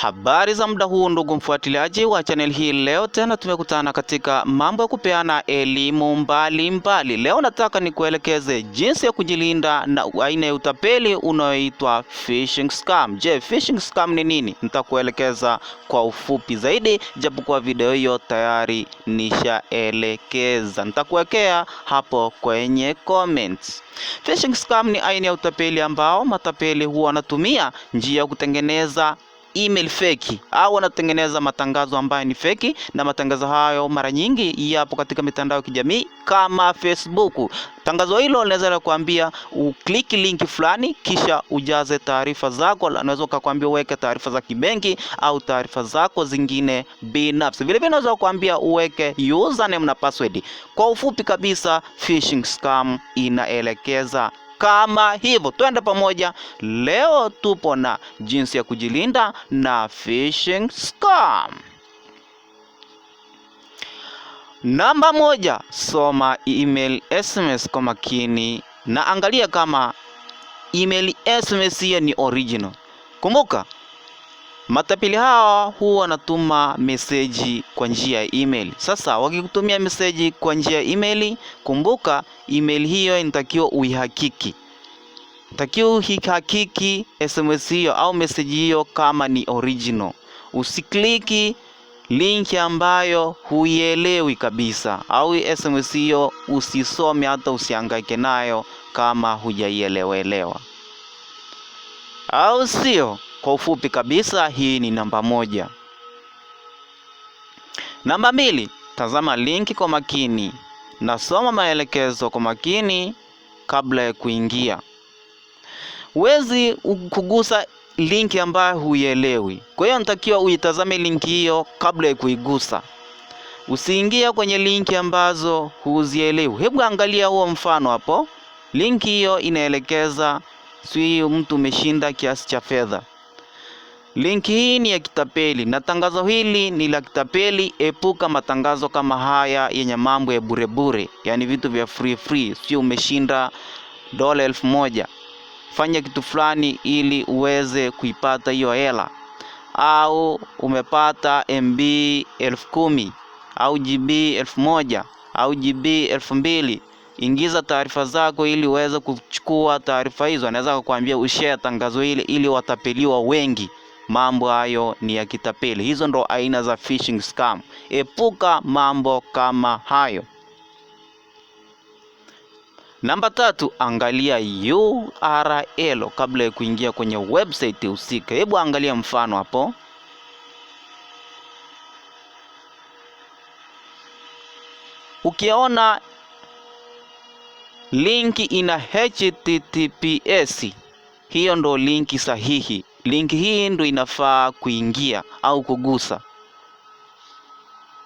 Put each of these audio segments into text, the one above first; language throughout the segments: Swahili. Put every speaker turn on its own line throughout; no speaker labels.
Habari za muda huu, ndugu mfuatiliaji wa channel hii, leo tena tumekutana katika mambo ya kupeana elimu mbalimbali mbali. Leo nataka nikuelekeze jinsi ya kujilinda na aina ya utapeli unaoitwa phishing scam. Je, phishing scam ni nini? Nitakuelekeza kwa ufupi zaidi, japokuwa video hiyo tayari nishaelekeza, nitakuwekea hapo kwenye comments. Phishing scam ni aina ya utapeli ambao matapeli huwa wanatumia njia ya kutengeneza email feki au wanatengeneza matangazo ambayo ni feki, na matangazo hayo mara nyingi yapo katika mitandao ya kijamii kama Facebook. Tangazo hilo linaweza kukuambia ukliki link fulani kisha ujaze taarifa zako, anaweza kukuambia uweke taarifa za kibenki au taarifa zako zingine binafsi. Vile vile anaweza kukuambia uweke username na password. Kwa ufupi kabisa, phishing scam inaelekeza kama hivyo. Twende pamoja, leo tupo na jinsi ya kujilinda na phishing scam. Namba moja, soma email SMS kwa makini na angalia kama email SMS hiyo ni original. Kumbuka matapili hawa huwa wanatuma meseji kwa njia ya email. Sasa wakikutumia meseji kwa njia ya email, kumbuka email hiyo inatakiwa uihakiki. Takiwa hikahakiki SMS hiyo au message hiyo kama ni original. Usikliki linki ambayo huielewi kabisa, au SMS hiyo usisome, hata usihangaike nayo kama hujaielewelewa, au sio? Kwa ufupi kabisa, hii ni namba moja. Namba mbili, tazama linki kwa makini na soma maelekezo kwa makini kabla ya kuingia huwezi kugusa linki ambayo huielewi. Kwa hiyo natakiwa uitazame linki hiyo kabla ya kuigusa. usiingia kwenye linki ambazo huzielewi. Hebu angalia huo mfano hapo, linki hiyo inaelekeza si mtu umeshinda kiasi cha fedha. Linki hii ni ya kitapeli na tangazo hili ni la kitapeli. Epuka matangazo kama haya yenye mambo ya burebure, yaani vitu vya free free, sio umeshinda dola elfu moja fanya kitu fulani ili uweze kuipata hiyo hela, au umepata MB elfu kumi au GB elfu moja au GB elfu mbili ingiza taarifa zako ili uweze kuchukua taarifa hizo. Anaweza kukuambia ushare tangazo hili ili watapeliwa wengi. Mambo hayo ni ya kitapeli. Hizo ndo aina za phishing scam. Epuka mambo kama hayo. Namba tatu, angalia URL kabla ya kuingia kwenye website husika. Hebu angalia mfano hapo. Ukiona linki ina https, hiyo ndo linki sahihi. Linki hii ndo inafaa kuingia au kugusa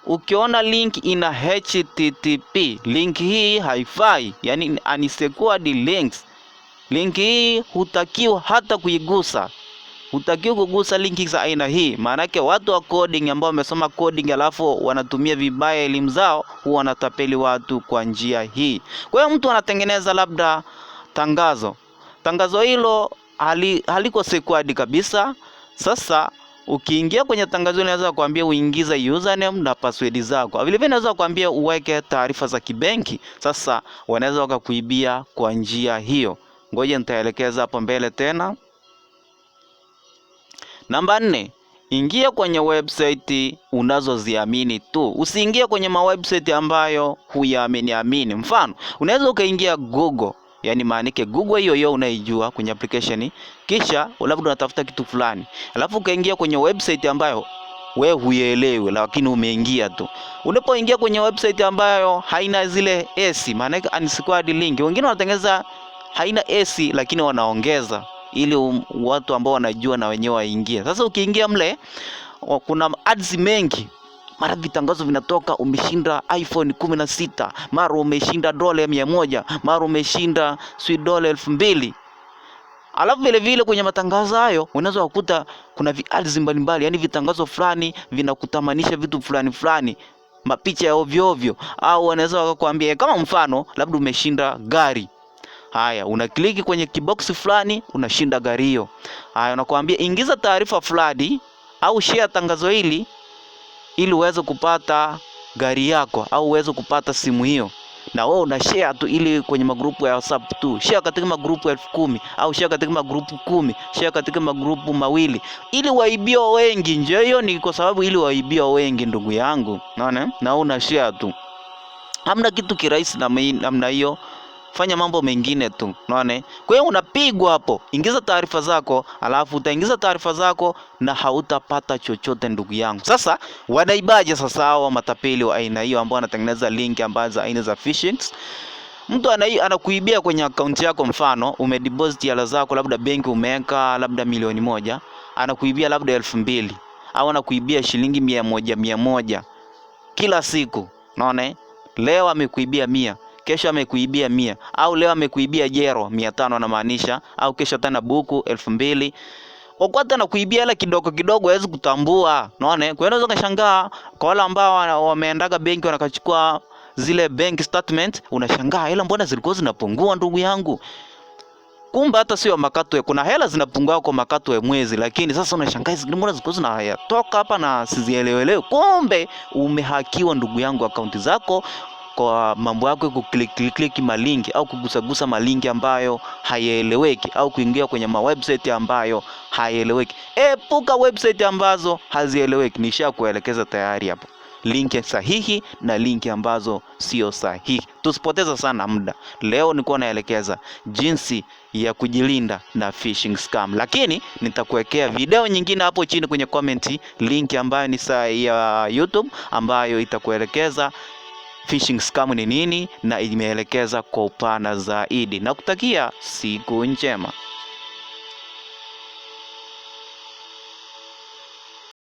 ukiona link ina http link hii haifai, yani unsecured links. Link hii hutakiwa hata kuigusa, hutakiwa kugusa linki za aina hii. Maanake watu wa coding ambao wamesoma coding alafu wanatumia vibaya elimu zao, huwa wanatapeli watu kwa njia hii. Kwa hiyo mtu anatengeneza labda tangazo, tangazo hilo haliko secured kabisa. Sasa Ukiingia kwenye tangazo inaweza kuambia uingize username na password zako. Vile vile kuambia uweke taarifa za kibenki. Sasa wanaweza wakakuibia kwa njia hiyo. Ngoja nitaelekeza hapo mbele tena. Namba nne, ingia kwenye website unazoziamini tu. Usiingie kwenye mawebsite ambayo huyaamini amini. Mfano, unaweza ukaingia Google yani maanake Google hiyo hiyo unaijua kwenye application, kisha labda unatafuta kitu fulani, alafu ukaingia kwenye website ambayo we huielewi, lakini umeingia tu. Unapoingia kwenye website ambayo haina zile s, maana yake unsquared link. Wengine wanatengeneza haina s, lakini wanaongeza ili um, watu ambao wanajua na wenyewe waingie. Sasa ukiingia mle kuna ads mengi mara vitangazo vinatoka, umeshinda iPhone kumi na sita, mara umeshinda dola mia moja, mara umeshinda si dola elfu mbili. Alafu vile vile kwenye matangazo hayo unaweza kukuta kuna viadzi mbalimbali, yani vitangazo fulani vinakutamanisha vitu fulani fulani, mapicha ya ovyo ovyo, au wanaweza wakakwambia eh, kama mfano labda umeshinda gari Haya, una kliki kwenye kiboksi fulani unashinda gari hiyo. Haya, unakwambia ingiza taarifa fulani au share tangazo hili ili uweze kupata gari yako au uweze kupata simu hiyo na wewe una share tu ili kwenye magrupu ya WhatsApp tu. Share katika magrupu elfu kumi au share katika magrupu kumi, share katika magrupu mawili ili waibio wengi. Njia hiyo ni kwa sababu ili waibio wengi, ndugu yangu, naona na una share tu, hamna kitu kirahisi namna hiyo fanya mambo mengine tu, unaona. Kwa hiyo unapigwa hapo, ingiza taarifa zako, alafu utaingiza taarifa zako na hautapata chochote, ndugu yangu. Sasa wanaibaje sasa hawa matapeli wa aina hiyo ambao wanatengeneza link ambazo za aina za phishing Mtu anakuibia kwenye akaunti yako. Mfano, umedeposit hela zako labda benki, umeweka labda milioni moja, anakuibia labda elfu mbili au anakuibia shilingi mia moja mia moja kila siku. unaona. leo amekuibia mia, kesho amekuibia mia au leo amekuibia jero mia tano anamaanisha, au kesho tena buku elfu mbili wakwata na kuibia ile kidogo kidogo, hawezi kutambua. Unaona, kwa hiyo unaweza kashangaa kwa wale ambao wameendaga benki wanakachukua zile bank statement, unashangaa hela mbona zilikuwa zinapungua, ndugu yangu kumbe hata sio makato. Kuna hela zinapungua kwa makato ya mwezi, lakini sasa unashangaa zile mbona ziko zinatoka hapa na sizielewelewe. Kumbe umehakiwa ndugu yangu, akaunti zako kwa mambo yako kukliklik malinki au kugusagusa malinki ambayo hayaeleweki au kuingia kwenye mawebsite ambayo hayaeleweki. Epuka website ambazo hazieleweki, nishakuelekeza tayari hapo linki sahihi na linki ambazo sio sahihi. Tusipoteza sana muda. Leo nikuwa naelekeza jinsi ya kujilinda na phishing scam, lakini nitakuwekea video nyingine hapo chini kwenye comment, linki ambayo ni ya YouTube ambayo itakuelekeza phishing scam ni nini na imeelekeza kwa upana zaidi, na kutakia siku njema.